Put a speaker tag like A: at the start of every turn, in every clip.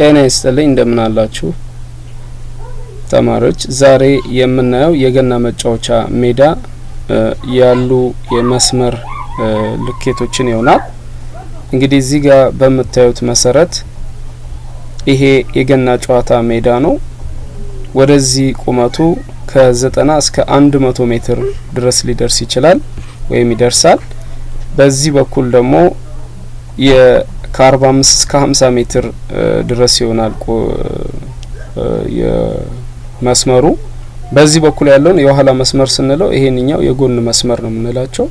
A: ጤና ይስጥልኝ እንደምን አላችሁ ተማሪዎች። ዛሬ የምናየው የገና መጫወቻ ሜዳ ያሉ የመስመር ልኬቶችን ይሆናል። እንግዲህ እዚህ ጋር በምታዩት መሰረት ይሄ የገና ጨዋታ ሜዳ ነው። ወደዚህ ቁመቱ ከዘጠና እስከ አንድ መቶ ሜትር ድረስ ሊደርስ ይችላል ወይም ይደርሳል። በዚህ በኩል ደግሞ ከ45 እስከ 50 ሜትር ድረስ ይሆናል የመስመሩ። በዚህ በኩል ያለውን የኋላ መስመር ስንለው ይሄንኛው የጎን መስመር ነው የምንላቸው።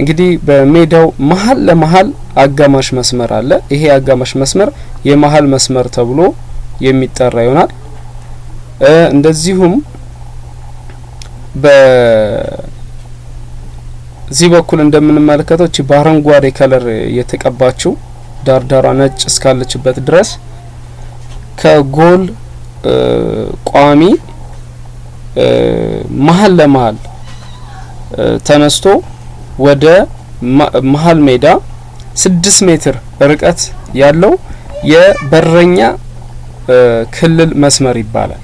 A: እንግዲህ በሜዳው መሀል ለመሀል አጋማሽ መስመር አለ። ይሄ አጋማሽ መስመር የመሀል መስመር ተብሎ የሚጠራ ይሆናል። እንደዚሁም በ እዚህ በኩል እንደምንመለከተው እቺ በአረንጓዴ ከለር የተቀባችው ዳርዳሯ ነጭ እስካለችበት ድረስ ከጎል ቋሚ መሀል ለመሀል ተነስቶ ወደ መሀል ሜዳ ስድስት ሜትር ርቀት ያለው የበረኛ ክልል መስመር ይባላል።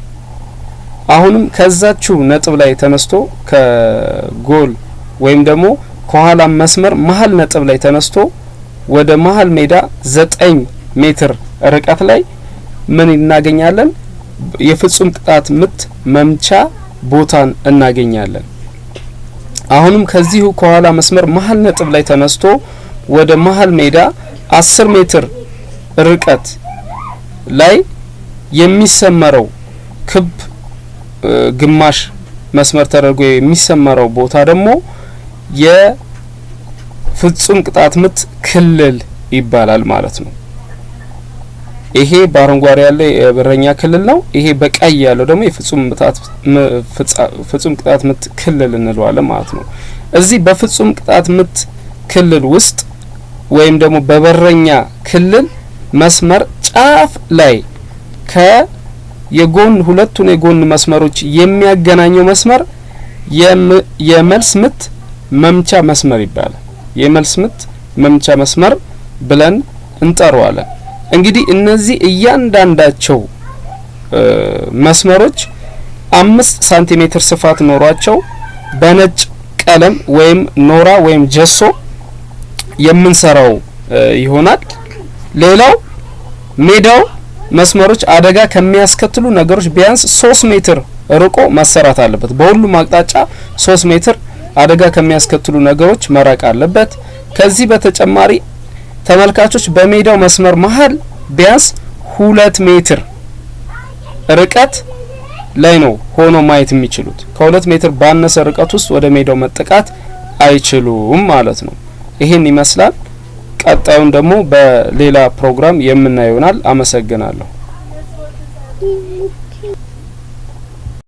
A: አሁንም ከዛችው ነጥብ ላይ ተነስቶ ከጎል ወይም ደግሞ ከኋላ መስመር መሀል ነጥብ ላይ ተነስቶ ወደ መሀል ሜዳ ዘጠኝ ሜትር ርቀት ላይ ምን እናገኛለን? የፍጹም ቅጣት ምት መምቻ ቦታን እናገኛለን። አሁንም ከዚሁ ከኋላ መስመር መሀል ነጥብ ላይ ተነስቶ ወደ መሀል ሜዳ አስር ሜትር ርቀት ላይ የሚሰመረው ክብ ግማሽ መስመር ተደርጎ የሚሰመረው ቦታ ደግሞ የፍጹም ቅጣት ምት ክልል ይባላል ማለት ነው። ይሄ በአረንጓዴ ያለ የበረኛ ክልል ነው። ይሄ በቀይ ያለው ደግሞ የፍጹም ቅጣት ምት ክልል እንለዋለን ማለት ነው። እዚህ በፍጹም ቅጣት ምት ክልል ውስጥ ወይም ደግሞ በበረኛ ክልል መስመር ጫፍ ላይ ከ የጎን ሁለቱን የጎን መስመሮች የሚያገናኘው መስመር የመልስ ምት መምቻ መስመር ይባላል። የመልስ ምት መምቻ መስመር ብለን እንጠራዋለን። እንግዲህ እነዚህ እያንዳንዳቸው መስመሮች አምስት ሳንቲሜትር ስፋት ኖሯቸው በነጭ ቀለም ወይም ኖራ ወይም ጀሶ የምንሰራው ይሆናል። ሌላው ሜዳው መስመሮች አደጋ ከሚያስከትሉ ነገሮች ቢያንስ ሶስት ሜትር ርቆ መሰራት አለበት። በሁሉም አቅጣጫ ሶስት ሜትር አደጋ ከሚያስከትሉ ነገሮች መራቅ አለበት። ከዚህ በተጨማሪ ተመልካቾች በሜዳው መስመር መሀል ቢያንስ ሁለት ሜትር ርቀት ላይ ነው ሆኖ ማየት የሚችሉት። ከሁለት ሜትር ባነሰ ርቀት ውስጥ ወደ ሜዳው መጠቃት አይችሉም ማለት ነው። ይህን ይመስላል። ቀጣዩን ደግሞ በሌላ ፕሮግራም የምናየው ይሆናል። አመሰግናለሁ።